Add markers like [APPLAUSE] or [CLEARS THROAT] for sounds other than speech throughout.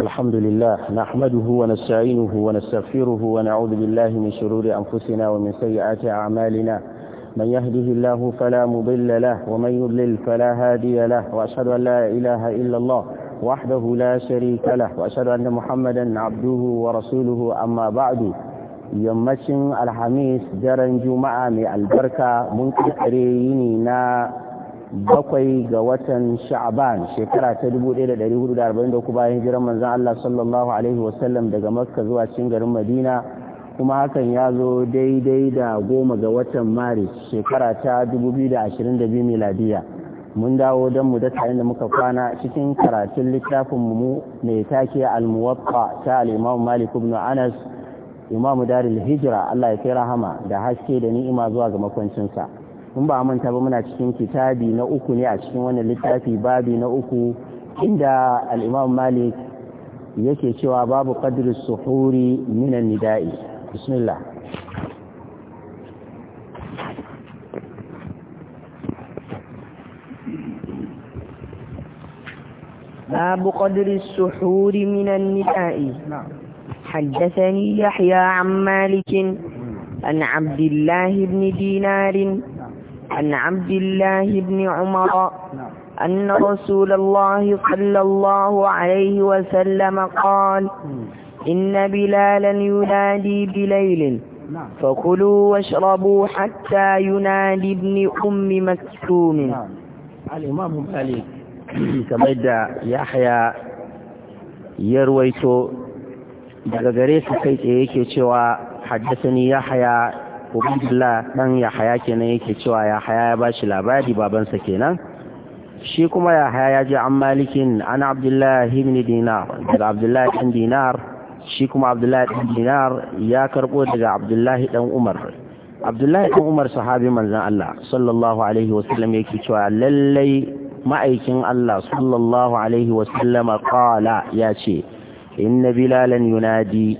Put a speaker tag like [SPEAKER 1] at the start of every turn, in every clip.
[SPEAKER 1] الحمد لله نحمده ونستعينه ونستغفره ونعوذ بالله من شرور أنفسنا ومن سيئات أعمالنا من يهده الله فلا مضل له ومن يضلل فلا هادي له وأشهد أن لا إله إلا الله وحده لا شريك له وأشهد أن محمدا عبده ورسوله أما بعد yammacin الحميس درن جمعة mai من mun kirkire bakwai ga watan sha'aban shekara ta 1443 bayan hijiran manzan Allah sallallahu alaihi wasallam daga makka zuwa cikin garin madina kuma hakan ya zo daidai da goma ga watan maris shekara ta 2022 miladiya mun dawo don mu dasa inda muka kwana cikin karatun littafin mu mai take al ta al-imam malik ibn anas imamu darul hijra Allah ya kai rahama da haske da ni'ima zuwa ga makwancinsa in ba manta ba muna cikin kitabi na uku ne a cikin wannan littafi babi na uku inda al-imam malik yake cewa babu qadri suhuri min minan nida'i bismillah
[SPEAKER 2] باب قدر السحور من النساء حدثني يحيى عن مالك عن عبد الله بن دينار عن عبد الله بن عمر أن رسول الله صلى الله عليه وسلم قال إن بلالا ينادي بليل فكلوا واشربوا حتى ينادي ابن أم مكتوم الإمام مالك كما يدى يحيى
[SPEAKER 1] يرويت daga gare su حدثني يحيى ubaidullah dan yahaya kenan yake cewa yahaya ya bashi labari babansa kenan shi kuma yahaya ya ji an malikin an abdullahi ibn dinar daga abdullahi dan dinar shi kuma abdullahi dan dinar ya karbo daga abdullahi dan umar abdullahi dan umar sahabi manzon Allah sallallahu alaihi wasallam yake cewa lallai ma'aikin Allah sallallahu alaihi wasallama qala ya ce inna bilalan yunadi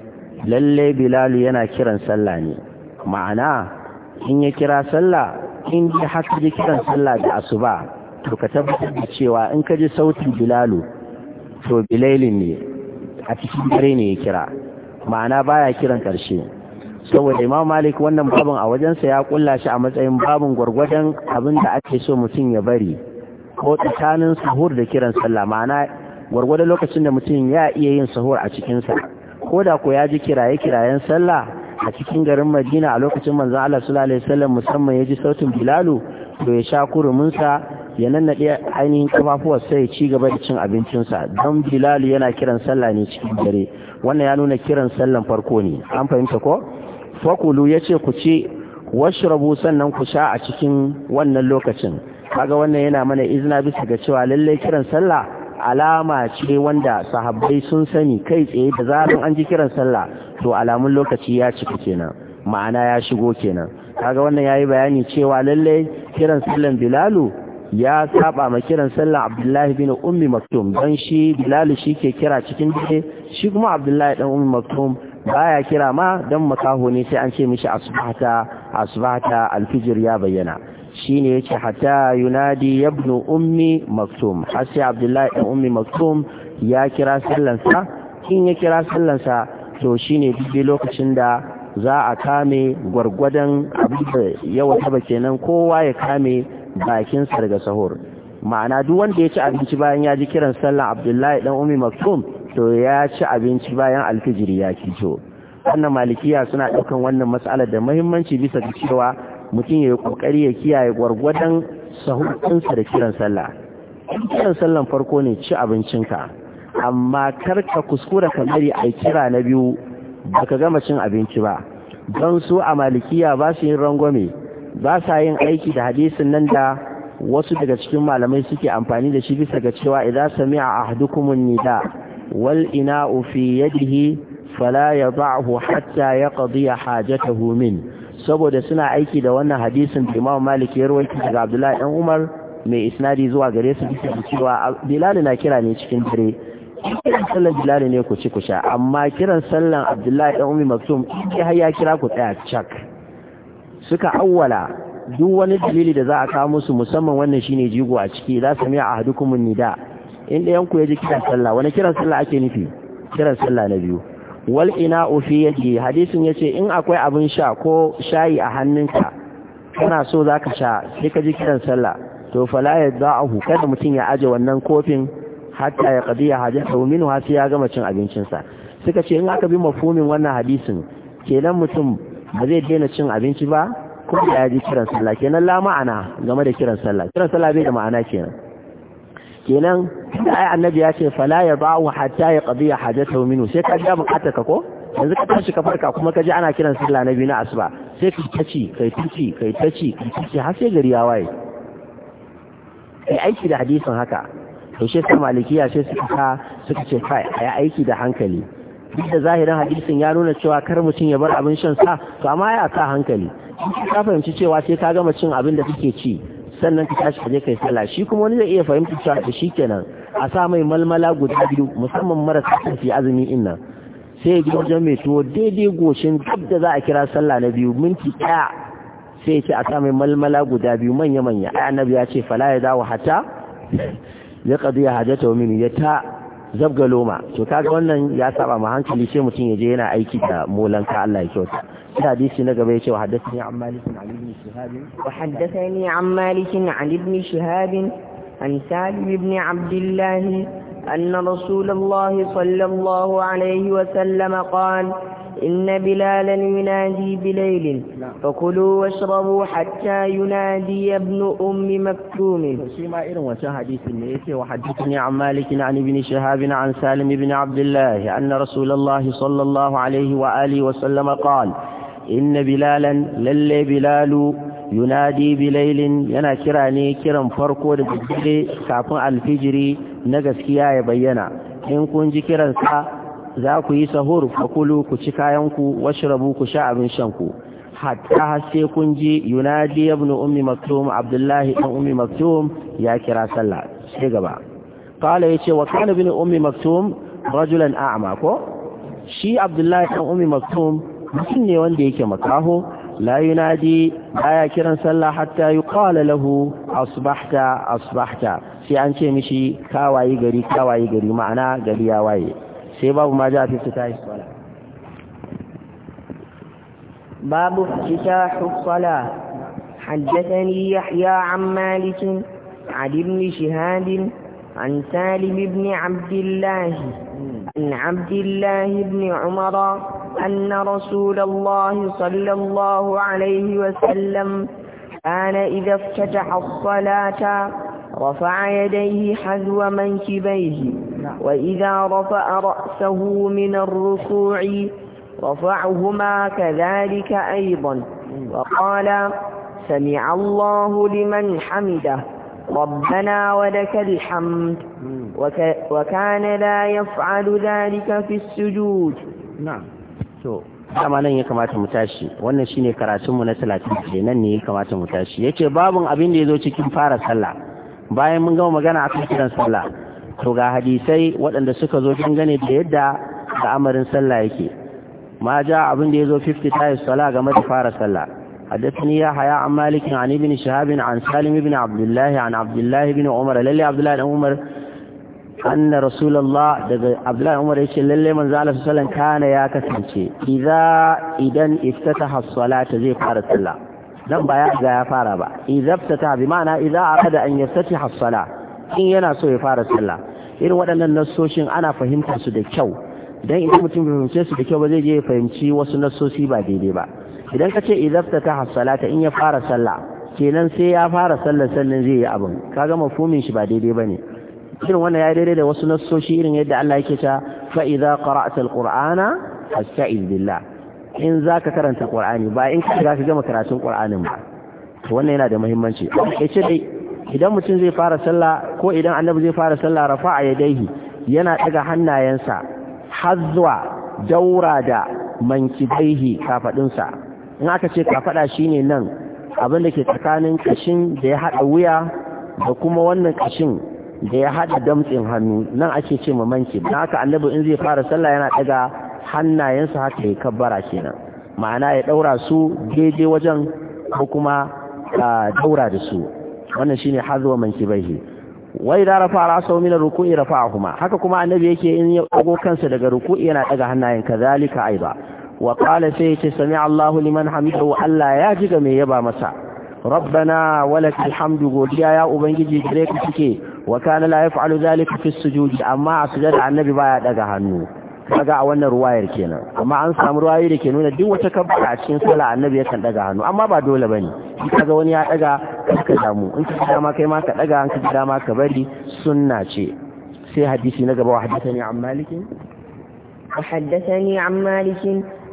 [SPEAKER 1] lallai bilalu yana kiran sallah ne ma'ana in ya kira sallah in ji haka ji kiran sallah da asuba to ka tabbatar da cewa in ka ji sautin bilalu to bilailin ne a cikin dare ne ya kira ma'ana baya kiran karshe saboda imam malik wannan babin a wajensa ya kulla shi a matsayin babin gwargwadon abin da ake so mutum ya bari ko tsakanin sahur da kiran sallah ma'ana gwargwadon lokacin da mutum ya iya yin sahur a cikinsa ko da ko ya ji kiraye kirayen sallah a cikin garin madina a lokacin manzan Allah sallallahu alaihi musamman ya ji sautin bilalu to ya sha kuruminsa ya nannaɗe ainihin kafafuwar sai ya ci gaba da cin abincinsa don bilalu yana kiran sallah ne cikin dare wannan ya nuna kiran sallan farko ne an fahimta ko fakulu ya ce ku ce washrabu sannan ku sha a cikin wannan lokacin kaga wannan yana mana izina bisa ga cewa lallai kiran sallah alama ce wanda sahabbai sun sani kai tsaye da zaran an ji kiran sallah to alamun lokaci ya cika kenan ma'ana ya shigo kenan kaga wannan yayi bayani cewa lallai kiran sallan bilalu ya saba ma kiran sallan abdullahi bin ummi maktum dan shi bilalu shi ke kira cikin dare shi kuma abdullahi dan ummi maktum baya kira ma dan makaho ne sai an ce mishi asbahata asbahata alfijir ya bayyana shine yake hatta yunadi ibn ummi maktum har sai abdullahi ibn ummi maktum ya kira sallansa in ya kira sa to shine duk lokacin da za a kame gwargwadon abin da yawa taba kenan kowa ya kame bakin sa daga sahur ma'ana duk wanda ya ci abinci bayan ya ji kiran sallan abdullahi dan ummi maktum to ya ci abinci bayan alfijiri ya kito wannan malikiya suna daukan wannan mas'alar da muhimmanci bisa ga cewa mutum ya yi kokari ya kiyaye gwargwadon sahunsa da kiran sallah kiran sallan farko ne ci abincinka amma karka kuskura ka bari a kira na biyu ba ka gama cin abinci ba don su a malikiya ba su yin rangwame ba sa yin aiki da hadisin nan da wasu daga cikin malamai suke amfani da shi bisa ga cewa idza sami'a ahadukumun nida wal ina'u fi yadihi fala yadh'uhu hatta ya yaqdi hajatahu min saboda suna aiki da wannan hadisin da Imam Malik ya rawaito daga Abdullahi ibn Umar mai isnadi zuwa gare su bisa cewa Bilal na kira ne cikin dare kiran sallan Bilal ne ku ci ku sha amma kiran sallan Abdullahi ibn Ummi Maktum in har ya kira ku tsaya cak suka awwala duk wani dalili da za a kawo musu musamman wannan shine jigo a ciki za su mai ahadukumun nida in da yanku ya ji kiran sallah wani kiran sallah ake nufi kiran sallah na biyu wal ina yake hadisin ya ce in akwai abin sha ko shayi a hannunka kana so za ka sha sai ka ji kiran sallah to fala a hukar kada mutum ya aje wannan kofin hatta ya ya hajji minhu har wasu ya gama cin abincinsa suka ce in aka bi mafumin wannan hadisin kenan mutum ba zai daina cin abinci ba ko da ya ji kiran sallah kenan la ma'ana game da kiran sallah kiran sallah bai da ma'ana kenan kenan da ai annabi ya ce fala ya ba wa hatta ya qadiya hajatahu minhu sai ka ga bukatar ka ko yanzu ka tashi ka farka kuma ka ji ana kiran sallah na biyu na asuba sai ka tace kai tace kai tace kai har sai gari ya waye kai aiki da hadisin haka to shi sai malikiya sai suka suka ce kai ai aiki da hankali duk da zahirin hadisin ya nuna cewa kar mutum ya bar abin shan sa to amma ya ka hankali in ka fahimci cewa sai ka gama cin abin da kake ci sannan ka tashi ka je kai sallah shi kuma wani zai iya fahimta cewa to shikenan a sa mai malmala guda biyu musamman marasa tafi azumi inna sai ya wajen mai tuwo daidai goshin duk da za a kira sallah na biyu minti ɗaya sai ya ce a sa mai malmala guda biyu manya manya ai annabi ya ce fala ya dawo hata
[SPEAKER 2] [LAUGHS]
[SPEAKER 1] ya kadu ya hajata min ya ta zabga loma to kaga wannan ya saba ma hankali sai mutum ya je yana aiki da molanka Allah ya kyauta hadisi na gaba ya ce wa haddathani an malikin
[SPEAKER 2] شهاب وحدثني عن مالك عن ابن شهاب عن سالم بن عبد الله أن رسول الله صلى الله عليه وسلم قال إن بلالا ينادي بليل نعم. فكلوا واشربوا حتى ينادي ابن أم مكتوم
[SPEAKER 1] وحدثني عن مالك عن ابن شهاب عن سالم بن عبد الله أن رسول الله صلى الله عليه وآله وسلم قال إن بلالا للي بلال yunadi bilailin yana kira ne kiran farko da dare kafin alfijiri na gaskiya ya bayyana in kun ji kiransa za ku yi sahur fakulu ku ci kayanku washrabu ku sha abin shanku hatta sai kun ji yunadi ibn ummi maktum abdullahi ibn ummi maktum ya kira sallah sai gaba qala yace wa kana ibn ummi maktum rajulan a'ma ko shi abdullahi ibn ummi maktum mutum ne wanda yake makaho la ji baya kiran sallah hatta yuqala lahu asbahta asbahta sai an ce mishi kawaye gari kawaye gari ma'ana gari ya waye
[SPEAKER 2] sai babu ma ja fi fita sala babu iftitah يحيى عن مالك عن ابن شهاب عن سالم بن عبد الله عن عبد الله بن عمر أن رسول الله صلى الله عليه وسلم كان إذا افتتح الصلاة رفع يديه حذو منكبيه وإذا رفع رأسه من الركوع رفعهما كذلك أيضا وقال سمع الله لمن حمده ربنا ولك الحمد وك وكان لا يفعل ذلك في السجود نعم
[SPEAKER 1] so dama nan ya kamata mu tashi wannan shine karatunmu na 30 kenan ne ya kamata mu tashi yace babun abin da yazo cikin fara sallah bayan mun gama magana akan kiran sallah to ga hadisai waɗanda suka zo gane da yadda amarin sallah yake ma ja abin da yazo 50 tayi sallah game da fara sallah حدثني يحيى عن مالك عن ابن شهاب عن سالم بن عبد الله عن عبد الله بن عمر للي عبد الله بن عمر أن رسول الله عبد الله بن عمر يقول للي من زال صلى الله كان يا كسنتي إذا إذا افتتح الصلاة زي فارة الله لم بيا يا فارة با إذا افتتح بمعنى إذا أراد أن يفتتح الصلاة إن يناسو يفارة الله إن ودنا النسوشين أنا فهمت سدى كو dan idan mutum bai fahimce su da kyau ba zai je ya fahimci wasu nassosi ba daidai ba idan ka ce idafta ta hassalata in ya fara sallah kenan sai ya fara sallar sannan zai yi abin kaga mafhumin shi ba daidai bane irin wannan ya daidai da wasu nassoshi irin yadda Allah yake ta fa qara'ta alqur'ana fasta'iz billah in zaka karanta qur'ani ba in ka ka gama karatun qur'anin ba to wannan yana da muhimmanci yace dai idan mutum zai fara sallah ko idan annabi zai fara sallah rafa'a yadayhi yana daga hannayensa hazwa, daura da mankibaihi kafadunsa. in aka ce kafada shine nan abin da ke tsakanin kashin da ya hada wuya da kuma wannan kashin da ya hada damtsin hannu nan ake ce ma manki dan haka annabi in zai fara sallah yana daga hannayensa haka ya kabbara kenan ma'ana ya daura su daidai wajen ko kuma daura da su wannan shine manki bai wai idza rafa ra'sahu min ruku'i rafa'ahuma haka kuma annabi yake in ya dago kansa daga ruku'i yana daga hannayen kazalika aiba wa qala sai yace sami Allahu liman Hamidu Allah ya ji ga me yaba masa rabbana walakal hamdu godiya ya ubangiji gare ku cike. wa kana la yaf'alu zalika fi sujud amma a sujada annabi baya daga hannu kaga a wannan ruwayar kenan amma an samu ruwayi da ke nuna duk wata kabbara a cikin sala annabi yakan daga hannu amma ba dole bane in kaga wani ya daga ka damu in ka dama kai ma ka daga in ka dama ka bari sunna ce sai hadisi na gaba wa haddathani an malikin
[SPEAKER 2] وحدثني عن مالك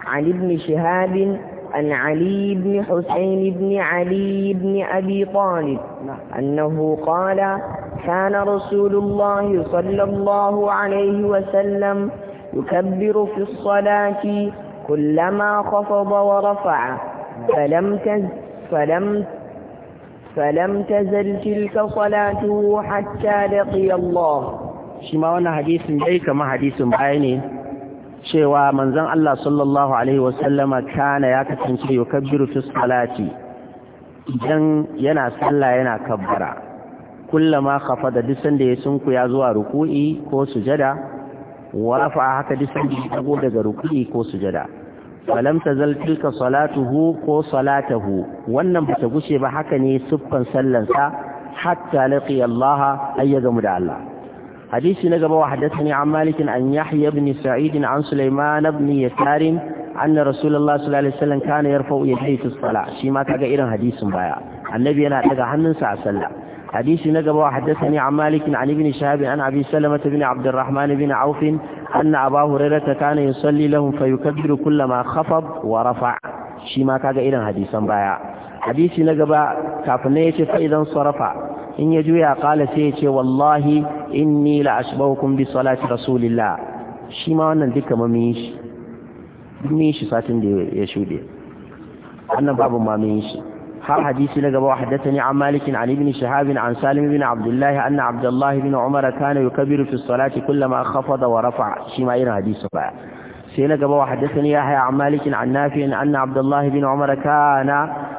[SPEAKER 2] عن ابن شهاب عن علي بن حسين بن علي بن أبي طالب نعم. أنه قال كان رسول الله صلى الله عليه وسلم يكبر في الصلاة كلما خفض ورفع فلم تز فلم فلم تزل تلك صلاته حتى لقي الله
[SPEAKER 1] شما وانا حديث ديك كما حديث بعيني cewa manzon Allah sallallahu alaihi wasallama kana ya kasance yukabbiru fi salati idan yana sallah yana kabbara kullama khafada duk da ya sunku ya zuwa ruku'i ko sujada wa haka disan sanda ya daga ruku'i ko sujada falam tazal tilka salatuhu ko salatahu wannan bata gushe ba haka ne suffan sallansa hatta laqiya Allah ayyaga mu da Allah حديث نجب وحدثني عن مالك عن يحيى بن سعيد عن سليمان بن يسار أن رسول الله صلى الله عليه وسلم كان يرفع يديه في الصلاة شيما كاقا إيران حديث بايا النبي أنا أتقى حنن سعى سلم حديث نجب وحدثني عن مالك عن ابن شهاب عن أبي سلمة بن عبد الرحمن بن عوف أن أبا هريرة كان يصلي لهم فيكبر كلما خفض ورفع شيما كاقا إيران حديثا بايا حديث نجب كافنية فإذا صرفع in ya juya kala sai ya ce wallahi inni la ashbahukum bi salati rasulillah shi ma wannan duka ma mun shi mun shi satin da ya shude wannan babu ma mun shi har hadisi na gaba haddathani an malik an ibn shihab an salim ibn abdullah anna abdullah ibn umar kana yukabbiru fi salati kullama khafada wa rafa shi ma irin hadisi ba سينا قبا وحدثني يحيى عن مالك عن نافع أن عبد الله بن عمر كان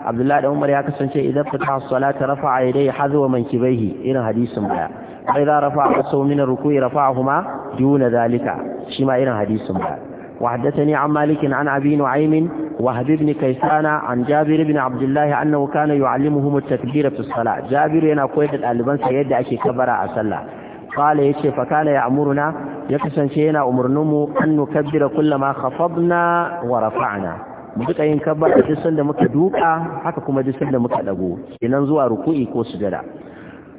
[SPEAKER 1] عبد الله بن عمر يكسن شيء إذا فتح الصلاة رفع يديه حذو منكبيه إن حديث بها وإذا رفع رأسه من الركوع رفعهما دون ذلك شما إن حديث بها وحدثني عن مالك عن أبي نعيم وهب بن كيسان عن جابر بن عبد الله أنه كان يعلمهم التكبير في الصلاة جابر ينقويت الألبان سيدعك كبر أسلا قال يتي فكان يأمرنا يكسن شينا أمرنمو أن نكبر كل ما خفضنا ورفعنا مدقى ينكبر جسن دمك دوكا حتى كما جسن دمك لقو يننزو ركوئي كو سجدا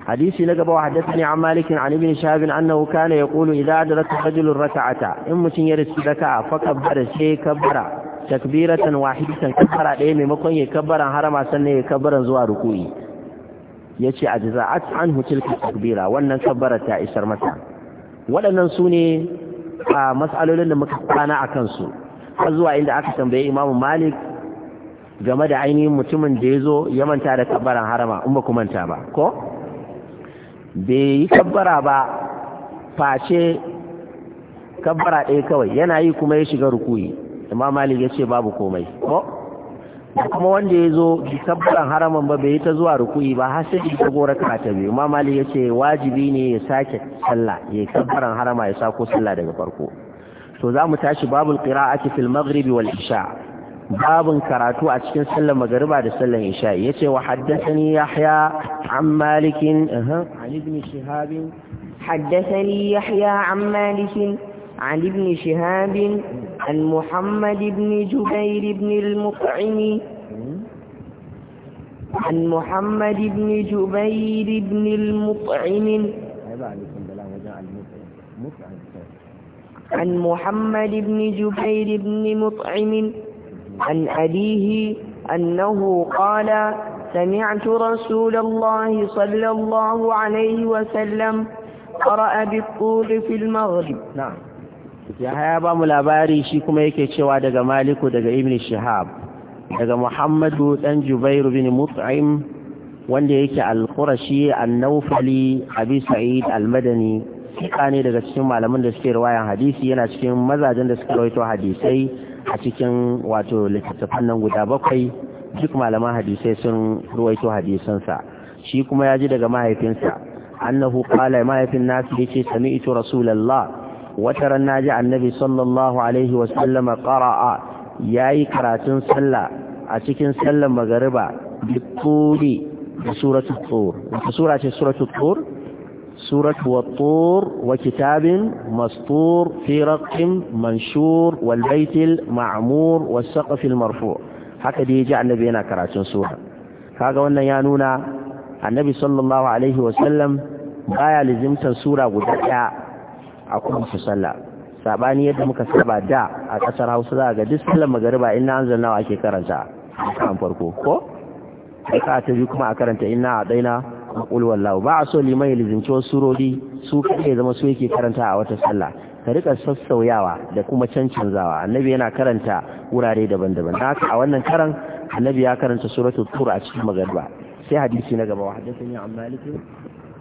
[SPEAKER 1] حديثي نقب وحدثني عن مالك عن ابن شهاب أنه كان يقول إذا أدرك رجل الركعة إما يرس ركعة فكبر شيء كبر تكبيرة واحدة كبر إيه مكون يكبر هرم سنة يكبر زوا ركوئي Ya ce yace ajza'at anhu tilka takbira wannan kabbara ta isar mata waɗannan su ne a mas'alolin da muka kwana a kansu har zuwa inda aka tambaye imamu malik game da ainihin mutumin da ya zo ya manta da kabbaran harama in ba ku manta ba ko bai yi kabbara ba face kabbara ɗaya kawai yana yi kuma ya shiga rukuyi imam malik ya ce babu komai ko kuma wanda ya zo bisabban haraman ba bai ta zuwa ruku'i ba har sai ta gora karata ta biyu mamali ya ce wajibi ne ya sake sallah ya kabbaran harama ya sako sallah daga farko to za mu tashi babul qira'ati fil maghribi wal isha babun karatu a cikin sallar magariba da sallar isha yace wa haddathani yahya an malik an
[SPEAKER 2] ibn shihab haddathani yahya an malik shihab عن محمد بن جبير بن المطعم عن محمد بن جبير بن المطعم عن محمد بن جبير بن مطعم عن أبيه أنه قال سمعت رسول الله صلى الله عليه وسلم قرأ بالطول في المغرب نعم
[SPEAKER 1] ya ba mu labari shi kuma yake cewa daga maliku daga ibn shihab daga muhammadu dan jubairu bin mut'im wanda yake al-qurashi an-nawfali abi sa'id al-madani sika ne daga cikin malaman da suke riwayan hadisi yana cikin mazajen da suka rawaito hadisai a cikin wato littattafan nan guda bakwai duk malaman hadisai sun ruwaito hadisansa shi kuma ya ji daga mahaifinsa annahu qala mahaifin nasu yace sami'tu rasulullah Wata wataran naji annabi sallallahu alaihi wasallama qara'a yayi karatun sallah a cikin sallar magariba bituri da suratul tur wata sura ce suratul tur suratu wat-tur wa kitabin mastur fi raqin manshur wal baitil ma'mur was saqfil marfu' haka dai ji annabi yana karatun sura kaga wannan ya nuna annabi sallallahu alaihi wasallam baya lizimtar sura guda ɗaya a kuma su sallah sabani yadda muka saba da a kasar Hausa za ga duk sallar magariba inna anzalna ake karanta kan farko ko ka ta ji kuma a karanta inna a daina qul wallahu ba a so liman ya lizinci wasu surori su kai zama su yake karanta a wata sallah ka rika sassauyawa da kuma cancanzawa annabi yana karanta wurare daban-daban haka a wannan karan annabi ya karanta suratul tur a cikin magariba sai hadisi na gaba wa
[SPEAKER 2] haddathani an malik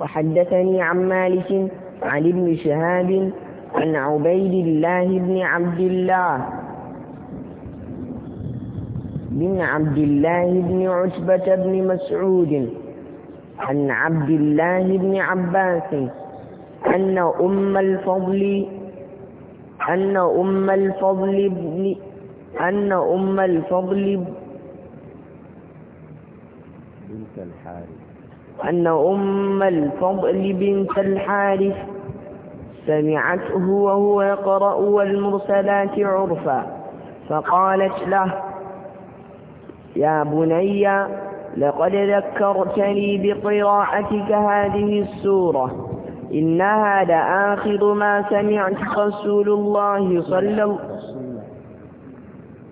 [SPEAKER 2] wa haddathani an عن ابن شهاب عن عبيد الله بن عبد الله بن عبد الله بن عتبة بن مسعود عن عبد الله بن عباس أن أم الفضل أن أم الفضل بن أن أم الفضل بنت
[SPEAKER 1] الحارث
[SPEAKER 2] أن أم الفضل بنت الحارث سمعته وهو يقرأ والمرسلات عرفا فقالت له يا بني لقد ذكرتني بقراءتك هذه السورة إنها لآخر ما سمعت رسول الله صلى الله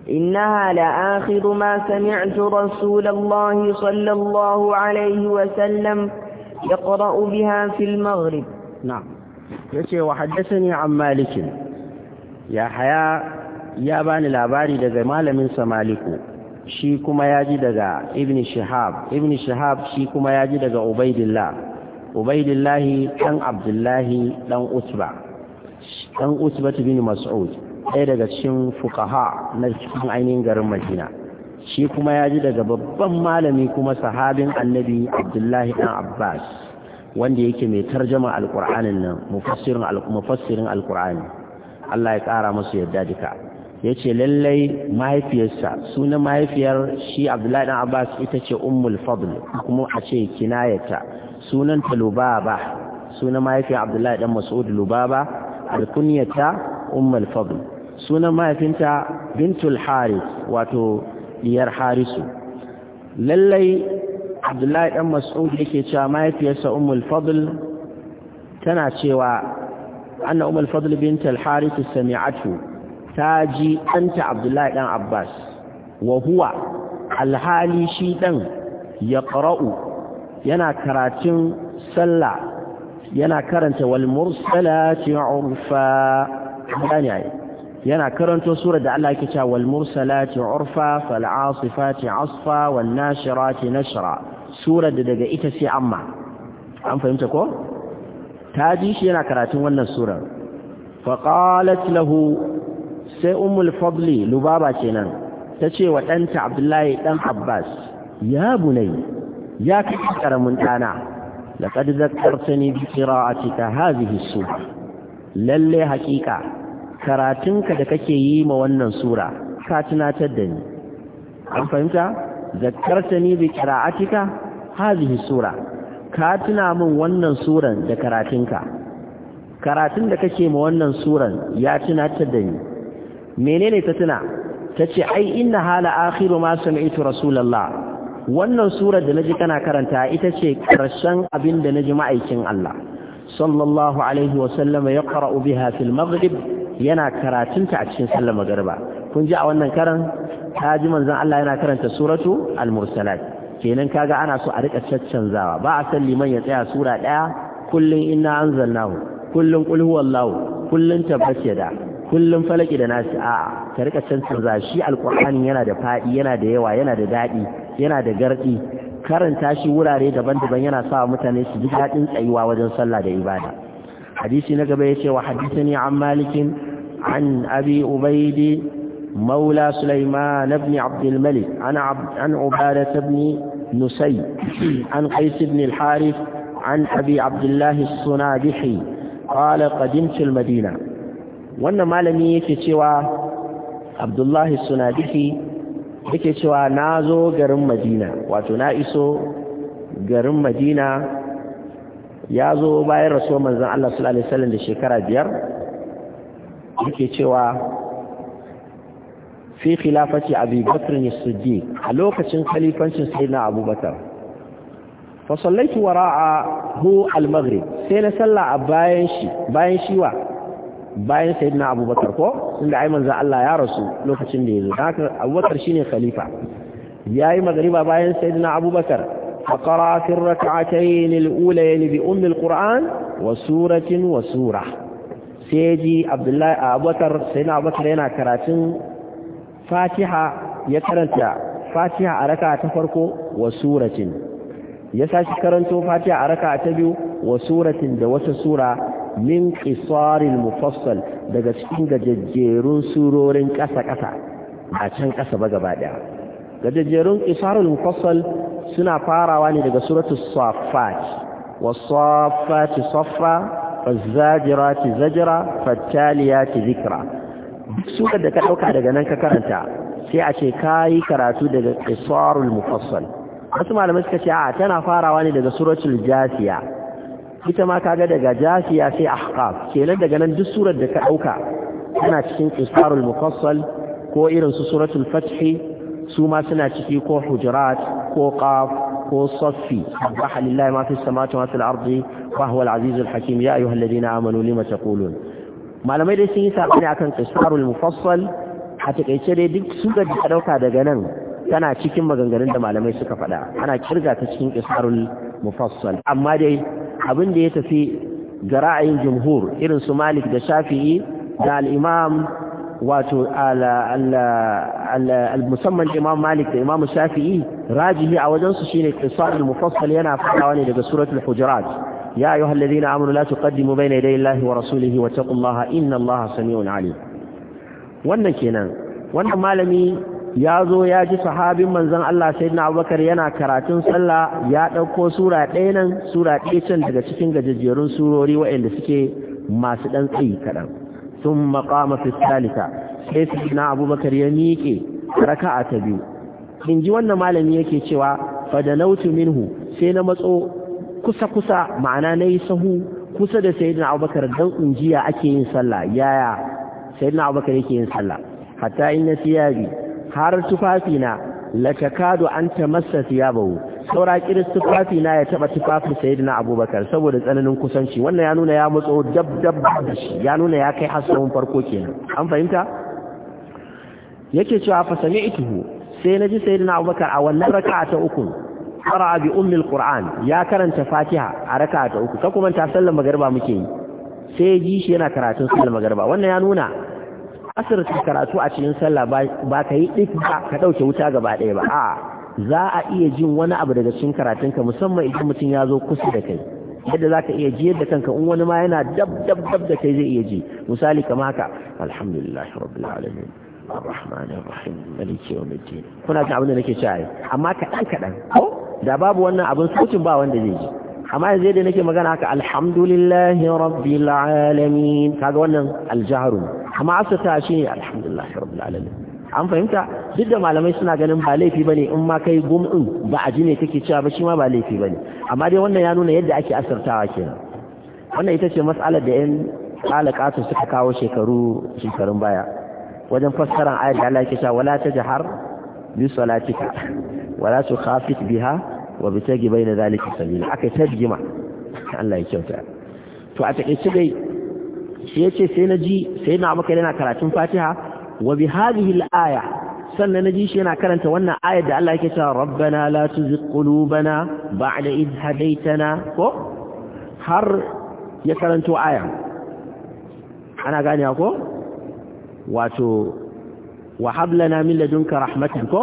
[SPEAKER 2] إنها لآخر ما سمعت رسول الله صلى الله عليه وسلم يقرأ بها في المغرب
[SPEAKER 1] نعم ya ce wa haddasani an malikin ya haya ya bani labari daga malamin sa maliku shi kuma ya daga ibn shihab ibn shihab shi kuma yaji daga ubaidillah Ubaidillah dan abdullahi ɗan Usba. ɗan usba bin mas'ud ɗaya daga cikin fukaha na cikin ainihin garin madina shi kuma yaji daga babban malami kuma sahabin annabi abdullahi ɗan abbas wanda yake mai tarjama alqur'anin nan mufassirin mufassirin Alƙur'ani Allah ya kara masa yadda duka yace lallai mahaifiyarsa sunan mahaifiyar shi Abdullahi dan Abbas ita ce Ummul Fadl kuma a ce kinayata sunan ta Lubaba sunan mahaifiyar Abdullahi dan Mas'ud Lubaba alkunyata Ummul Fadl sunan mahaifinta Bintul Harith wato diyar Harisu lallai abdullahi ɗan mas'ud yake cewa mahaifiyarsa ummul fadl tana cewa anna ummul fadl bint al-harith sami'atu ta ji ɗanta abdullahi ɗan abbas wa huwa alhali shi ɗan ya ƙara'u yana karatun sallah yana karanta wal mursalati urfa yana karanto surar da Allah yake cewa wal mursalati urfa falasifati asfa wan nashirati nashra surar da daga ita sai amma an fahimta ko ta ji shi yana karatun wannan surar faqalat lahu sai ummul fadli lubaba kenan tace wa danta abdullahi dan abbas ya bunai ya kai karamin dana laqad zakkartani bi qira'atika hadhihi as-sura lalle haqiqa karatunka da kake yi ma wannan sura ka tunatar da ni an fahimta zakkartani bi qira'atika hadhihi sura ka tuna min wannan suran da karatunka karatun da kake ma wannan suran ya tunatar da ni menene ta tuna tace ai inna hala akhiru ma sami'tu rasulullah wannan surar da naji kana karanta ita ce karshen abin da naji ma'aikin Allah sallallahu alaihi wa sallama yaqra'u biha fil maghrib yana karatunta a cikin sallar magriba kun ji a wannan karan ta ji manzon Allah yana karanta suratu al-mursalat kenan kaga ana so a rika caccanzawa ba a san liman ya tsaya sura daya kullun inna anzalnahu kullun qul huwallahu kullun tabbata kullun falaki da nasi a'a ka rika caccanza shi alqur'ani yana da fadi yana da yawa yana da dadi yana da gardi karanta shi wurare daban-daban yana sa mutane su ji dadin tsayuwa wajen sallah da ibada hadisi na gaba yace wa hadithani an malikin an abi ubaidi مولى سليمان بن عبد الملك عن, عبد عن عبادة بن نسي عن قيس بن الحارث عن أبي عبد الله الصنابحي قال قدمت المدينة وأن مالمي يكتوى عبد الله الصنابحي يكتوى نازو قرم مدينة وتنائسو قرم مدينة يازو باير رسول من الله صلى الله عليه وسلم لشكرة بير يكتوى fi khilafati abi bakr as-siddiq a lokacin khalifancin sayyidina abubakar fa sallaitu hu al-maghrib sai na salla a bayan shi bayan shiwa bayan sayyidina abubakar ko inda ai manzo Allah ya rasu lokacin da yazo haka abubakar shine khalifa yayi magriba bayan sayyidina abubakar fa qara fi rak'atayn al-ulayn bi umm al-qur'an wa suratin wa surah sai ji abdullahi abubakar sayyidina abubakar yana karatun fatiha ya karanta fatiha a raka ta farko wa suratin ya sashi karanto fatiha a raka ta biyu wa suratin da wata sura min qisaril mufassal daga cikin gajejjerun surorin ƙasa-ƙasa a can ƙasa ba gaba ɗaya gajejjerun qisaril mufassal suna farawa ne daga suratul safat والصافات safa فالزاجرات زجرا فالتاليات ذكرا surar da ka ɗauka daga nan ka karanta sai a ce ka yi karatu daga isarul mufassal wasu malamai suka ce a tana farawa ne daga suratul jafiya ita ma kaga daga jafiya sai ahqaf kenan daga nan duk surar da ka ɗauka tana cikin isarul mufassal ko irin su suratul fathi su ma suna ciki ko hujurat ko qaf ko saffi subhanallahi ma fis samawati wa fil ardi wa huwa al azizul hakim ya ayyuhalladhina amanu lima taqulun malamai dai sun yi saɓani akan qisarul mufassal a takeice dai duk suka da ɗauka daga nan tana cikin maganganun da malamai suka faɗa ana kirga ta cikin qisarul mufassal amma dai abin da ya tafi ga ra'ayin jumhur irin su Malik da Shafi'i da al-Imam wato musamman imam malik da imam shafi'i rajihi a wajensu shine qisar al-mufassal yana farawa ne daga suratul hujurat يا أيها الذين آمنوا لا تقدموا بين يدي الله ورسوله واتقوا الله إن الله سميع عليم wannan kenan wannan malami ya zo ya ji sahabin manzon Allah sayyidina Abubakar yana karatun sallah ya ɗauko sura ɗaya nan sura ɗaya can daga cikin gajejjerun surori waɗanda suke masu ɗan tsayi kaɗan sun maƙama fi salisa sai sayyidina Abubakar ya miƙe raka'a ta biyu in ji wannan malami yake cewa fadanautu minhu sai na matso kusa-kusa ma'ana na yi sahu kusa da sayidina abubakar don in jiya ake yin sallah yaya sayidina abubakar yake yin sallah hatta in na siyabi har tufafina latakadu an ta masa siyabahu saura kiris tufafina ya taba tufafin sayidina abubakar saboda tsananin kusanci wannan ya nuna ya matso dab dab da shi ya nuna ya kai hasawun farko kenan an fahimta yake cewa fa sami'tuhu sai ji sayyidina abubakar a wannan raka'a ta uku qara'a bi ummil qur'an ya karanta fatiha a raka ta uku ka kuma ta sallar magriba muke yi sai ya ji shi yana karatun sallar magriba wannan ya nuna asirta karatu a cikin sallah ba ka yi duk ba ka ɗauke wuta gaba ɗaya ba a za a iya jin wani abu daga cikin karatunka musamman idan mutum ya zo kusa da kai yadda za ka iya ji yadda kanka in wani ma yana dab dab dab da kai zai iya ji misali kama haka alhamdulillah rabbil alamin arrahmanir rahim maliki yawmiddin kuna ta abin da nake cewa amma kaɗan kaɗan da babu wannan abin sautin ba wanda zai ji amma yanzu yadda nake magana haka alhamdulillahi rabbil alamin kaga wannan aljaharu amma asata ne alhamdulillahi rabbil alamin an fahimta duk da malamai suna ganin ba laifi bane in ma kai gum'in ba aji ne take cewa ba shi ma ba laifi bane amma dai wannan ya nuna yadda ake asartawa kenan wannan ita ce mas'alar da 'yan alaqatu suka kawo shekaru shekarun baya wajen fassarar ayar da Allah yake cewa wala tajhar bi salatika wala tukhafit biha wa bi tagi baina zalika sabila aka tarjima Allah ya kyauta to a takeice dai shi yace sai na ji sai na maka yana karatun Fatiha wa bi hadhihi al-aya sannan na ji shi yana karanta wannan ayar da Allah yake cewa rabbana la tuzigh qulubana ba'da id hadaytana ko har ya karanto aya ana gane ko wato wa lana min ladunka rahmatan ko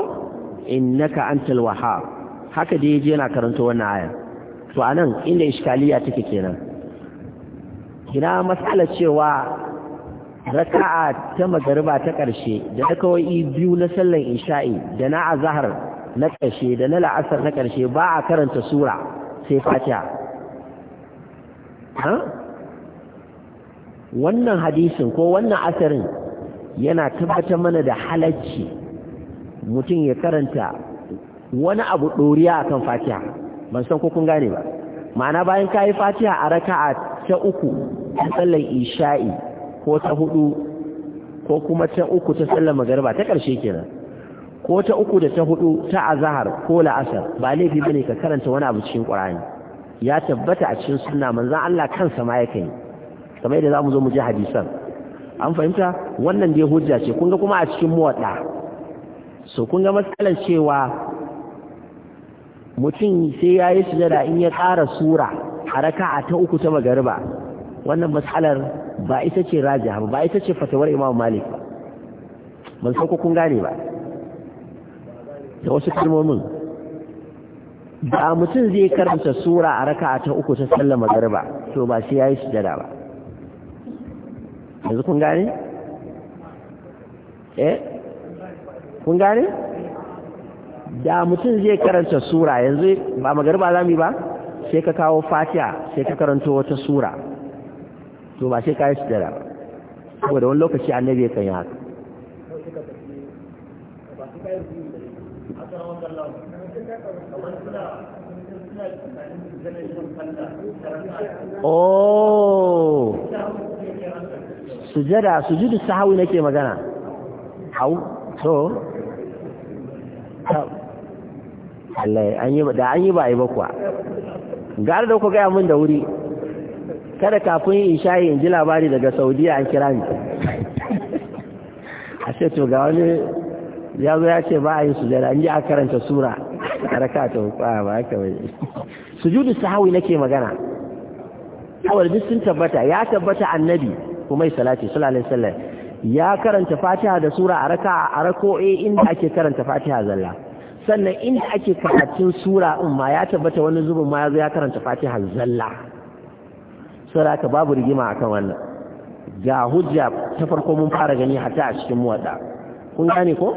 [SPEAKER 1] innaka antal wahhab haka ya yaje yana karanta wannan aya to anan inda iskaliya take kenan ina mas'ala cewa raka'a ta magariba ta ƙarshe da kawai biyu na sallar isha'i da na azhar na ƙarshe da na la'asar na ƙarshe ba a karanta sura sai fatiha ha wannan hadisin ko wannan asarin yana tabbatar mana da halacci mutum ya karanta wani abu ɗoriya a kan fatiha ban san ko kun gane ba ma'ana bayan ka yi fatiha a raka a ta uku ta sallar isha'i ko ta hudu ko kuma ta uku ta sallar magariba ta ƙarshe kenan ko ta uku da ta hudu ta azahar ko la'asar ba laifi ba ne ka karanta wani abu cikin ƙur'ani ya tabbata a cikin suna manzan Allah kansa ma kai. kamar yadda za mu zo mu je hadisan an fahimta wannan dai hujja ce kun ga kuma a cikin muwaɗa. so kun ga matsalan cewa mutum sai ya yi sujada in ya ƙara sura a ta uku ta magariba wannan matsalar ba ita ce rajiha ba ita ce fatawar imam malik ba ban sauko kun gane ba da wasu kalmomin ba mutum zai karanta sura a a ta uku ta sallar magariba to ba sai ya yi sujada ba yanzu kun gane? eh kun gane? da mutum zai karanta sura yanzu ba magarba za mu yi ba sai ka kawo fatiha sai ka karanto wata sura to ba sai ka yi sujada ba saboda wani lokaci annabi kan yi haka Oh, sujada sujudu sahawi nake magana. Hau, so, Allah an yi da an yi ba yi ba kuwa gara da ku gaya mun da wuri kada kafin in shayi in ji labari daga saudiya an kira ni [LAUGHS] a ce to ga wani ya zo ya ce ba a yi sujada an ji a karanta sura a [LAUGHS] raka ta hukwa ba haka bai [LAUGHS] sujudu sahawi nake magana awal duk sun tabbata ya tabbata annabi kuma yi salati sallallahu alaihi wasallam ya karanta fatiha da sura a raka a rako'e inda ake karanta fatiha zalla sannan inda ake karatun sura in ma ya tabbata wani zubin ma yazo ya karanta fatiha zalla sura ka babu rigima akan wannan ga hujja ta farko mun fara gani hatta a cikin muwadda kun gane ko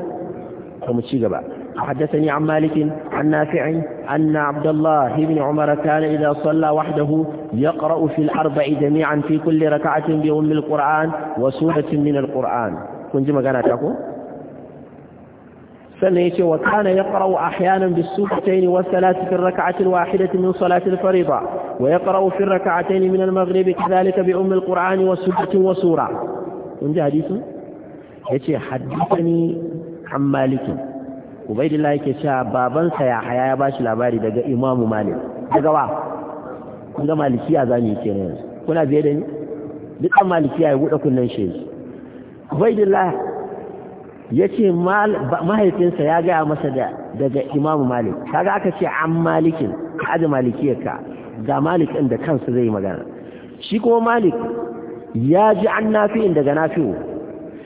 [SPEAKER 1] kuma ci gaba حدثني عن مالك عن نافع أن عبد الله بن عمر كان إذا صلى وحده يقرأ في الأربع جميعا في كل ركعة بأم القرآن وسورة من القرآن كنت ما كانت أقول sannan yace wa kana yaqra'u ahyanan bis-suratayn wa salati fi rak'atin wahidatin min salati al-fariida wa yaqra'u fi rak'atayn minan al-maghrib kadhalika bi umm al-qur'an wa suratin wa sura kun ji hadisin yace haddathani an malik ubaidillah ke sha babansa ya haya ya bashi labari daga imam malik daga wa kun ga malikiya zamu yi kenan kuna biye da ni duk malikiya ya buɗe kunnen shi ubaidillah ya ce mahaifinsa ya gaya masa daga imamu malik kaga aka ce an malikin aji malikiyarka ga malik ɗin da kansu zai magana shi kuma malik ya ji an nafi'in daga nafi'u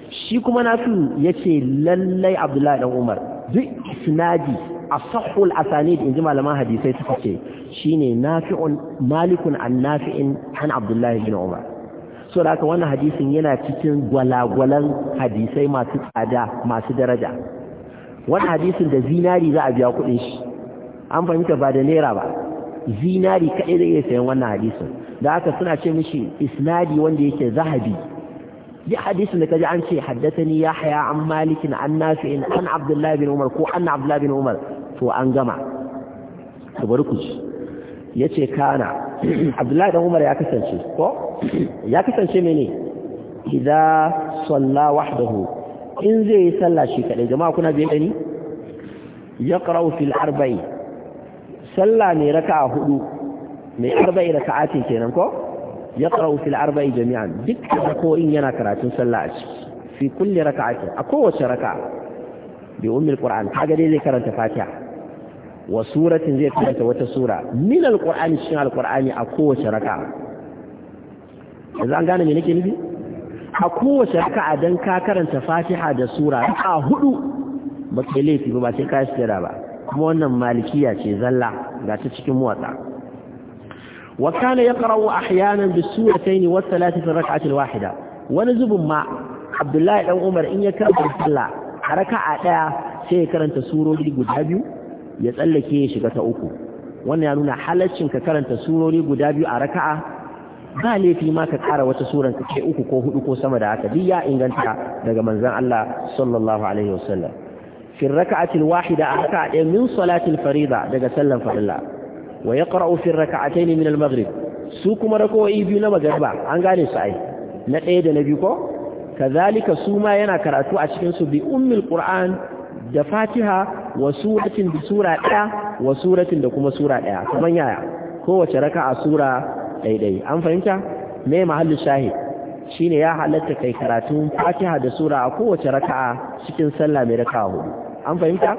[SPEAKER 1] shi kuma nafi'u ya ce lallai abdullahi Dan umar duk sinadi a sahul da in ji malaman hadisai suka ce shine nafi'un malikun an nafi'in an abdullahi bin umar so da haka wannan hadisin yana cikin gwalagwalan hadisai masu tsada masu daraja wannan hadisin da zinari za a biya kuɗin shi an fahimta ba da naira ba zinari kaɗai zai iya sayan wannan hadisin da haka suna ce mishi isnadi wanda yake zahabi duk hadisin da kaji an ce haddatani ya haya an malikin an in an abdullahi bin umar ko an abdullahi bin umar to an gama ku bari ku ji Ya yace kana [CLEARS THROAT] abdullahi ɗan umar ya kasance ko [CLEARS THROAT] ya kasance mene idza salla wahdahu in zai yi sallah shi kadai jama'a kuna biye da ni yaqra'u fil arba'i sallah ne a hudu mai arba'i raka'atin kenan ko yaqra'u fil arba'i jami'an duk in yana karatun sallah a ciki fi kulli raka'atin a kowace raka'a bi ummil qur'an kaga dai zai karanta fatiha wa suratin zai karanta wata sura min alqur'ani cikin alqur'ani a kowace raka'a yanzu an gane me nake nufi a kowace raka'a dan ka karanta fatiha da sura a hudu ba kai laifi ba ba sai ka sira ba kuma wannan malikiya ce zalla ga ta cikin muwatsa wa kana yaqra'u ahyanan bis suratayn wa thalathati fi rak'ati wahida wani zubin ma Abdullahi dan Umar in ya karanta sallah a raka'a daya sai ya karanta surori guda biyu ya tsallake ya shiga ta uku wannan ya nuna halaccin ka karanta surori guda biyu a raka'a ba laifi ma ka ƙara wata suran ka ce uku ko hudu ko sama da haka duk ya inganta daga manzon Allah sallallahu alaihi wasallam fi wahida a raka'a ɗaya min salatil farida daga sallan farilla wa yaqra'u fi raka'atayn min al-maghrib su kuma rak'oi biyu na magriba an gane su ai na ɗaya da na biyu ko kazalika su ma yana karatu a cikin su bi ummul qur'an da fatiha wa suratin da sura ɗaya wa suratin da kuma sura ɗaya kamar yaya kowace raka a sura ɗaiɗai an fahimta me mahallu shahid shine ya halatta kai karatun fatiha da sura a kowace raka'a cikin sallah mai raka'a hudu an fahimta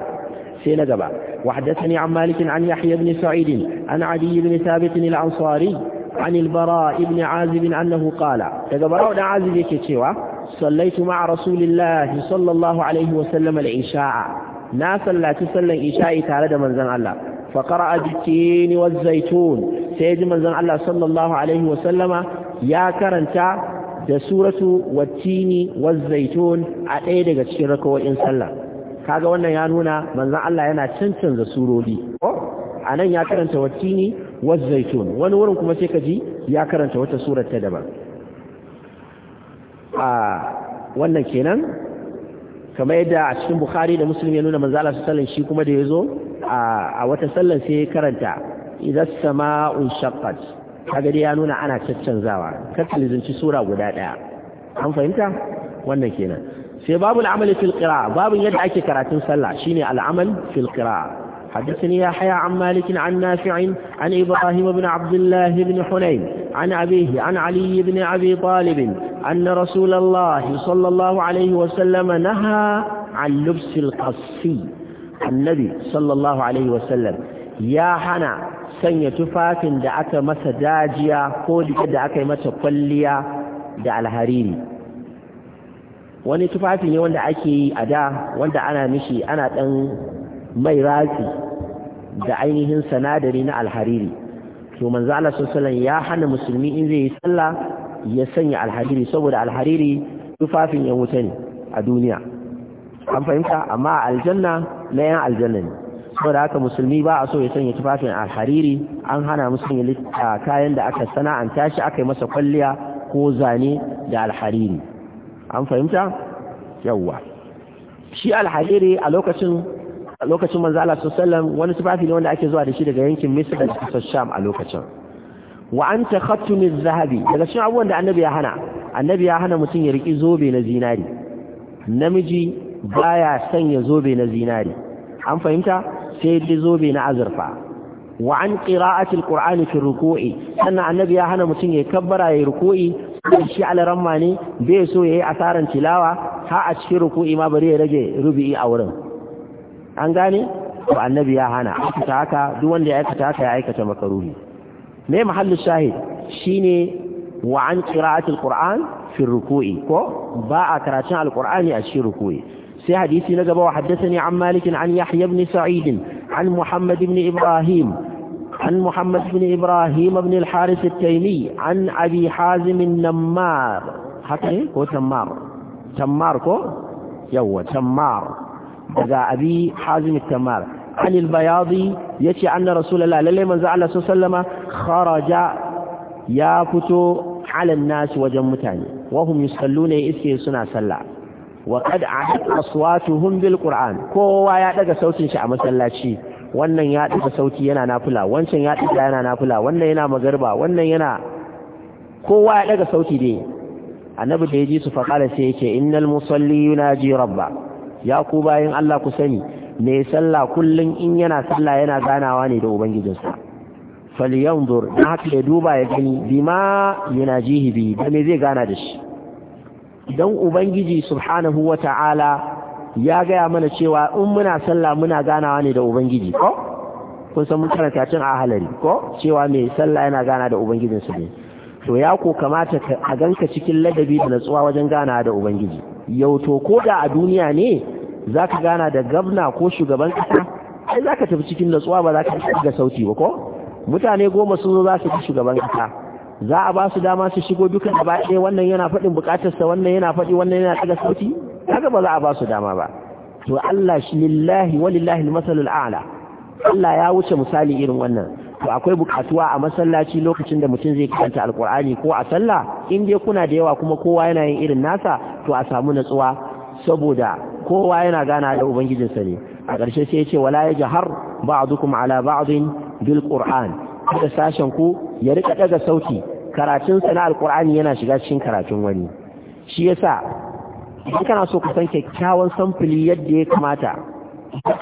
[SPEAKER 1] سينا دبا وحدثني عن مالك عن يحيى بن سعيد عن عدي بن ثابت الأنصاري عن البراء بن عازب أنه قال تقبراء بن عازب يكتشوا صليت مع رسول الله صلى الله عليه وسلم العشاء نا صلاتي صلى عشاء تعالى من زن الله فقرأ بالتين والزيتون سيجي من زن الله صلى الله عليه وسلم يا كرنتا da suratu wattini wazzaitun a ɗaya daga cikin salla. Ka ga wannan ya nuna manzon Allah yana cancanza surori a nan ya karanta wattini wazzaitun wani wurin kuma sai ka ji ya karanta wata surar ta daban a wannan kenan kamar yadda a cikin bukhari da Musulmi ya nuna manzala su sallan shi kuma da ya zo a wata sallan sai ya karanta idan sama'un shaqqat kaga dai ya nuna ana caccanzawa kakkan zunci sura guda daya an fahimta wannan kenan sai babu al'amali fil babu yadda ake karatun sallah shine al'amal fil qira'a حدثني يحيى عن مالك عن نافع عن إبراهيم بن عبد الله بن حنين عن أبيه عن علي بن أبي طالب أن رسول الله صلى الله عليه وسلم نهى عن لبس القصي النبي صلى الله عليه وسلم يا حنا سنة تفاك دعك aka داجيا dajiya دعك da قليا دع mata kwalliya تفاك alhariri wani tufafi ne wanda ake yi a da wanda ana mishi ana mai ratsi da ainihin sanadari na alhariri to manzo Allah sallallahu ya hana musulmi in zai yi sallah ya sanya alhariri saboda alhariri tufafin ya wuta ne a duniya an fahimta amma aljanna na yan aljanna ne saboda haka musulmi ba a so ya sanya tufafin alhariri an hana musulmi kayan da aka sana'anta shi aka yi masa kwalliya ko zane da alhariri an fahimta yawwa shi alhariri a lokacin a lokacin manzo Allah Sallam, wani tufafi ne wanda ake zuwa da shi daga yankin Misr da kasar Sham a lokacin wa anta zahabi daga cikin abubuwan da annabi ya hana annabi ya hana mutum ya riki zobe na zinari namiji baya sanya zobe na zinari an fahimta sai dai zobe na azurfa wa an qira'ati alqur'ani fi ruku'i sannan annabi ya hana mutum ya kabbara ya ruku'i shi alaran ma ne bai so yayi asaran tilawa ha a cikin ruku'i ma bari ya rage rubi'i a wurin an gane ba annabi ya hana aikata haka duk wanda ya aikata haka ya aikata makaruhi me mahallu shahid shine wa an qira'atil qur'an fi ruku'i ko ba a karatun alqur'ani a cikin ruku'i sai hadisi na gaba wa haddathani an malik an yahya ibn sa'id an muhammad ibn ibrahim عن محمد بن إبراهيم بن الحارث التيمي عن أبي حازم النمار حتى هو تمار تمار كو تمار daga abi hazim tamar an al-bayadi yace anna rasulullahi lalle manzo Allah sallama kharaja ya fito ala nas wajen mutane wa hum yusalluna iske suna sallah wa qad ahat aswatuhum bil qur'an kowa ya daga sautin shi a masallaci wannan ya daga sauti yana nafila wancan ya daga yana nafila wannan yana magarba wannan yana kowa ya daga sauti dai annabi da ya ji su faqala sai yake innal musalli yunaji rabba ya ku bayan Allah ku sani mai sallah kullum in yana sallah yana ganawa ne da ubangijinsa falyanzur na haka ya duba ya gani bima yana jihi bi da me zai gana da shi don ubangiji subhanahu ta'ala ya gaya mana cewa in muna sallah muna ganawa ne da ubangiji ko kun san mun karanta cin a halari ko cewa mai sallah yana gana da ubangijinsa ne to ya ko kamata a ganka cikin ladabi da natsuwa wajen gana da ubangiji yau ko da a duniya ne za ka gana da gabna ko shugaban kasa? ai za ka tafi cikin natsuwa ba za ka shiga sauti ba ko mutane goma sun zo za su fi shugaban kasa. za a ba su dama su shigo duka gaba ɗaya wannan yana faɗin buƙatarsa wannan yana faɗi wannan yana ɗaga sauti kaga ba za a ba su dama ba to Allah shi lillahi walillahi almasalul a'la Allah ya wuce misali irin wannan to akwai bukatuwa a masallaci lokacin da mutum zai karanta alkur'ani ko a sallah in dai kuna da yawa kuma kowa yana yin irin nasa to a samu natsuwa saboda kowa yana gana da ubangijin sa ne a ƙarshe sai yace ce wala yajhar ba'dukum ala ba'din bil qur'an da sashen ku ya rika daga sauti karatun sa na alkur'ani yana shiga cikin karatun wani shi yasa idan kana so ku san kyakkyawan samfuli yadda ya kamata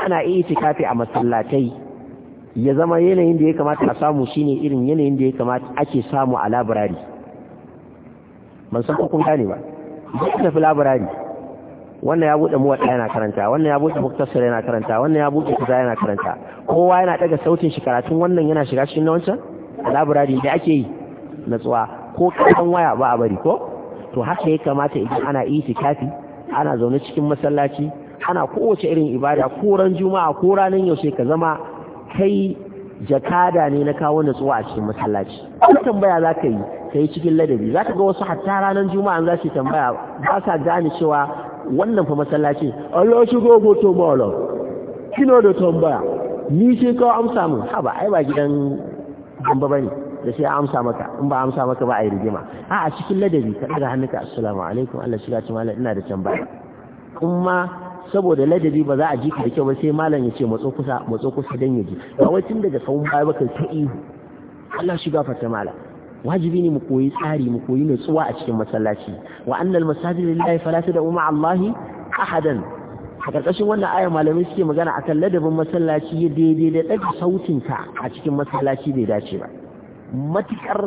[SPEAKER 1] ana iya tikafi a masallatai ya zama yanayin da ya kamata a samu shine irin yanayin da ya kamata ake samu a labirari ban san kun gane ba ba ka tafi labirari wannan ya buɗe ɗaya yana karanta wannan ya buɗe muktasar yana karanta wannan ya buɗe kaza yana karanta kowa yana ɗaga sautin shi karatun wannan yana shiga cikin na wancan a labirari da ake yi natsuwa ko kasan waya ba a bari ko to haka ya kamata idan ana kafi, ana zaune cikin masallaci ana kowace irin ibada ko ran juma'a ko ranar yaushe ka zama kai jakada ne na kawo nutsuwa a cikin masallaci wani tambaya za ka yi ka yi cikin ladabi za ka ga wasu hatta ranar juma'a za su tambaya ba sa gane cewa wannan fa masallaci Allah shigo hoto malam kina da tambaya ni sai ka amsa min ha ba ai ba gidan gamba bane da sai amsa maka in ba amsa maka ba ai rigima a a cikin ladabi ka daga hannuka assalamu alaikum Allah shiga ci mallam ina da tambaya kuma saboda ladabi ba za a ji da kyau ba sai malam ya ce matso kusa matso kusa dan ya ji ba wai tun daga sawun baya baka ta ihu Allah shiga fata malam wajibi ne mu koyi tsari mu koyi natsuwa a cikin masallaci wa annal masajid lillahi fala tad'u ma'a allahi ahadan a karkashin wannan aya malamai suke magana akan ladabin masallaci daidai da ɗaga sautin ka a cikin masallaci bai dace ba matukar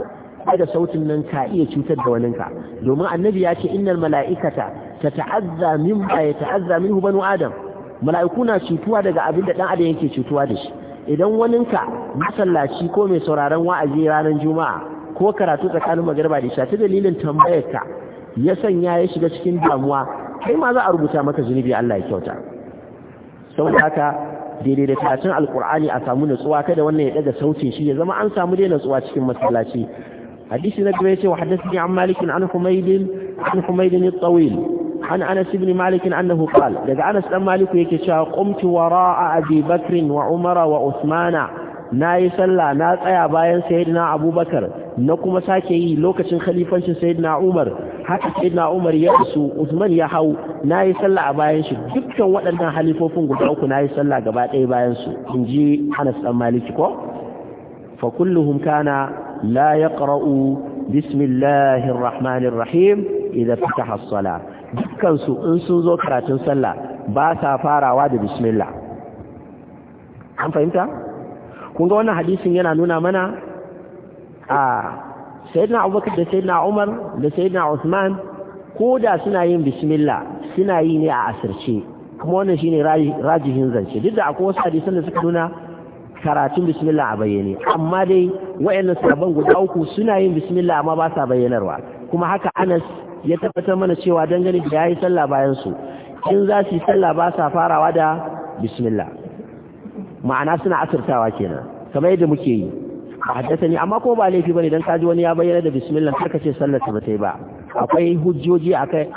[SPEAKER 1] da sautin nan ka iya cutar da waninka domin annabi ya ce innal mala'ikata tata'azza mimma yata'azza minhu banu adam mala'iku na cutuwa daga abin da dan adam yake cutuwa da shi idan waninka masallaci ko mai sauraron wa'azi ranar juma'a ko karatu tsakanin magarba da ta dalilin tambayarka ya sanya ya shiga cikin damuwa kai ma za a rubuta maka zunubi Allah ya kyauta saboda haka daidai da alkur'ani a samu natsuwa kada wannan ya daga sautin shi ya zama an samu dai natsuwa cikin masallaci حديث نجم يسي وحدثني عن مالك عن حميد عن حميد الطويل عن أنس بن مالك أنه قال لذا أنس بن مالك يكشى قمت وراء أبي بكر وعمر وعثمان ناي صلى ناس أيا باين سيدنا أبو بكر نكما ساكي لوكة خليفة سيدنا عمر حتى سيدنا عمر يأسو عثمان يحو ناي صلى باين شد جبتا وأنا خليفوفن قلت أوكو ناي صلى قبات أي باين سو انجي أنس بن مالك فكلهم كان لا يقرأ بسم الله الرحمن الرحيم إذا فتح الصلاة دكان سوء انسو ذو كراتن صلى باسا فارا واد بسم الله هم فهمت؟ كنت وانا حديث ينا نونا منا آه سيدنا أبو بكر سيدنا عمر دا سيدنا عثمان كودا سنعين بسم الله سنعيني ين أعسر شيء كمونا wannan shine rajihin zance duk da akwai wasu karatun bismillah a bayyane amma dai wayannan sabon guda uku suna yin bismillah amma ba sa bayyanarwa kuma haka Anas ya tabbatar mana cewa dangane da yayi sallah bayan su in za su yi sallah ba sa farawa da bismillah ma'ana suna asirtawa kenan kamar yadda muke yi a haddasani amma ko ba laifi bane dan kaji wani ya bayyana da bismillah ka ce sallar ta ba ba akwai hujjoji akai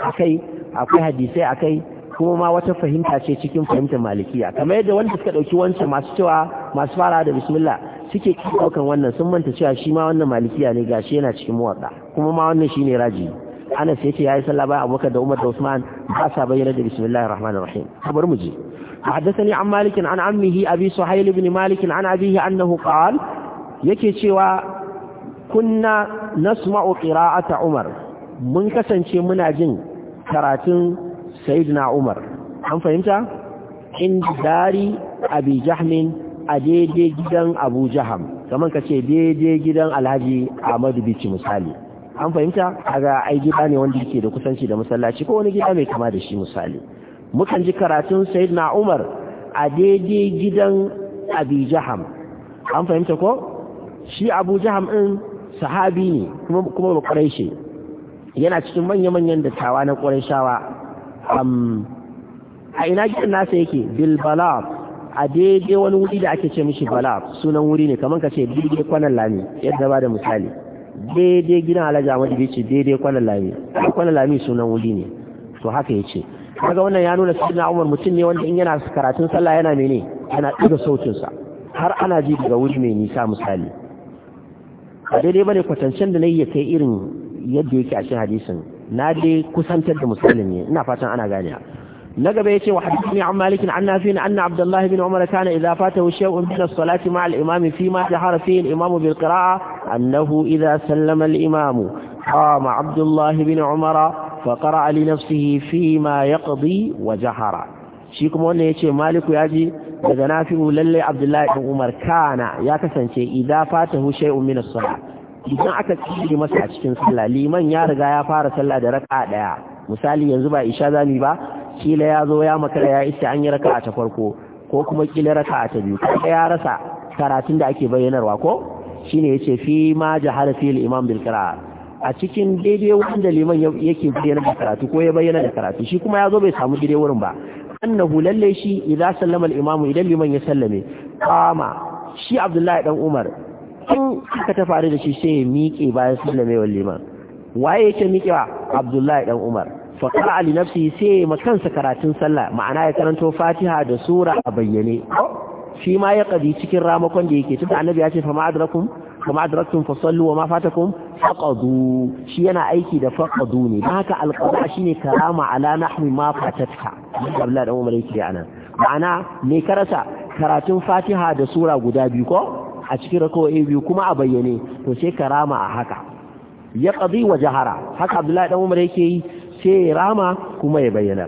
[SPEAKER 1] akwai hadisai akai kuma ma wata fahimta ce cikin fahimtar malikiya kamar yadda wanda suka dauki wancan masu cewa masu fara da bismillah suke daukan wannan sun manta cewa shi ma wannan malikiya ne gashi yana cikin muwadda kuma ma wannan shine raji Anas yace yayi sallah ba Abubakar da Umar da Usman ba sa bayyana da bismillahir rahmanir rahim kabar mu ji حدثني عن مالك عن عمه أبي سحيل بن مالك عن أبيه أنه قال يكي شوى كنا نسمع قراءة عمر من كسن شمنا جن كراتن sayyidina umar an fahimta in dari abi a daidai gidan abu jaham kamar ce daidai gidan alhaji ahmadu bici misali an fahimta kaga ai gida ne wanda yake da kusanci da masallaci ko wani gida mai kama da shi misali mukan ji karatun sayyidina umar a daidai gidan abi jaham an fahimta ko shi abu jaham sahabi ne kuma kuma ƙwarai yana cikin manya-manyan dattawa na ƙwarai shawa a ina gidan nasa yake bil balab a daidai wani wuri da ake ce mishi balab sunan wuri ne kamar ka ce daidai kwanan lami yadda ba da misali daidai gidan alhaji ahmadu bai ce daidai kwanan lami kwanan lami sunan wuri ne to haka ya ce kaga wannan ya nuna sayyidina umar mutum ne wanda in yana karatun sallah yana mene yana ɗaga sautinsa har ana ji daga wuri mai nisa misali a daidai bane kwatancen da na iya kai irin yadda yake a cikin hadisin na dai kusantar da musulmi ina fatan ana gane na gaba yace wa hadithani an malikin an nafi'in anna abdullahi bin umar kana idza fatahu shay'un min as-salati ma'a al-imami fi ma jahara fihi al-imamu bil qira'a annahu idza sallama al-imamu qama abdullahi bin umar fa qara'a li nafsihi fi ma yaqdi wa jahara shi kuma wannan yace maliku yaji daga nafi'u lalle abdullahi bin umar kana ya kasance idza fatahu shay'un min as-salati idan aka cire masa a cikin sallah liman ya riga ya fara sallah da rak'a daya misali yanzu ba isha zami ba kila ya zo ya makara ya isa an yi raka ta farko ko kuma kila raka ta biyu kuma ya rasa karatun da ake bayyanarwa ko shine yace fi ma jahara fil imam bil qira'a a cikin daidai wanda liman yake bayyana da karatu ko ya bayyana da karatu shi kuma ya zo bai samu daidai wurin ba annahu lalle shi idan sallama al imamu idan liman ya sallame qama shi abdullahi dan umar in haka ta faru da shi sai ya miƙe bayan sallame wa liman waye yake miƙewa abdullahi dan umar fa qara li nafsi sai ma kansa karatun sallah ma'ana ya karanto fatiha da sura a bayyane shi ma ya kadi cikin ramakon da yake tunda annabi ya ce fa ma'adrakum fa ma'adrakum fa sallu wa ma fatakum faqadu shi yana aiki da faqadu ne dan haka alqada shine karama ala nahmi ma fatatka abdullahi dan umar yake anan ma'ana me karasa karatun fatiha da sura guda biyu ko a cikin rakowa biyu kuma a bayyane to sai ka a haka ya ƙazi wa jahara haka abdullahi ɗan umar yake yi sai ya rama kuma ya bayyana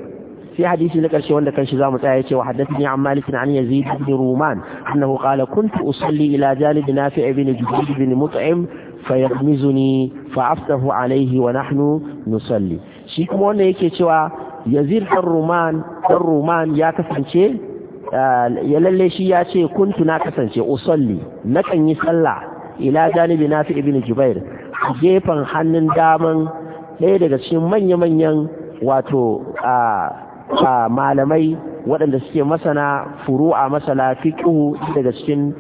[SPEAKER 1] sai hadisi na karshe wanda kanshi za mu tsaya cewa haddasa ni amma lisan an yanzu ibn ruman annahu qala kuntu usalli ila jalid nafi' ibn jubayr ibn mut'im fa yahmizuni fa afsahu alayhi wa nahnu nusalli shi kuma wanda yake cewa yazir ar ruman ruman ya kasance ya lalle shi ya ce kuntu na kasance usalli nakan yi sallah ila janibi nafi ibini jubair gefen hannun daman ɗaya daga cikin manya-manyan wato malamai waɗanda suke masana furu'a masala fiqhu daga cikin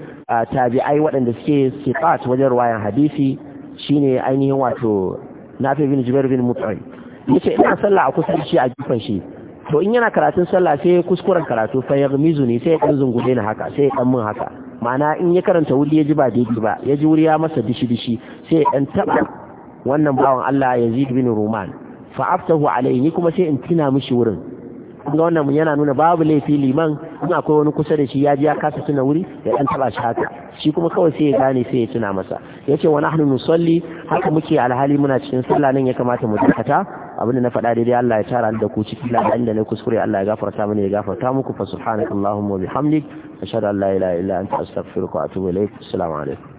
[SPEAKER 1] tabi'ai waɗanda suke sifat wajen ruwayan hadisi shine ainihin wato nafi ibn jubair bin mut'im yace ina sallah a kusa shi a gefen shi to in yana karatun sallah sai kuskuren karatu fa ya mizu ne sai ya kan zungude na haka sai ya kan mun haka ma'ana in ya karanta wuri ya ji ba daidai ba ya ji wuri ya masa dishi dishi sai ya dan taba wannan bawan Allah Yazid bin Ruman fa aftahu alayhi kuma sai in tina mishi wurin kun ga wannan yana nuna babu laifi liman in akwai wani kusa da shi ya ji ya kasa tuna wuri ya dan taba shi haka shi kuma kawai sai ya gane sai ya tuna masa yace wa nahnu nusalli haka muke alhali muna cikin sallah nan ya kamata mu dakata Abin da na faɗa daidai Allah ya tara da ku cikin la da na kuskure Allah ya gafarta mini ya gafarta muku fa subhanakallahumma wa bihamdik ashhadu an la ilaha illa anta astaghfiruka wa atubu ilaik assalamu alaikum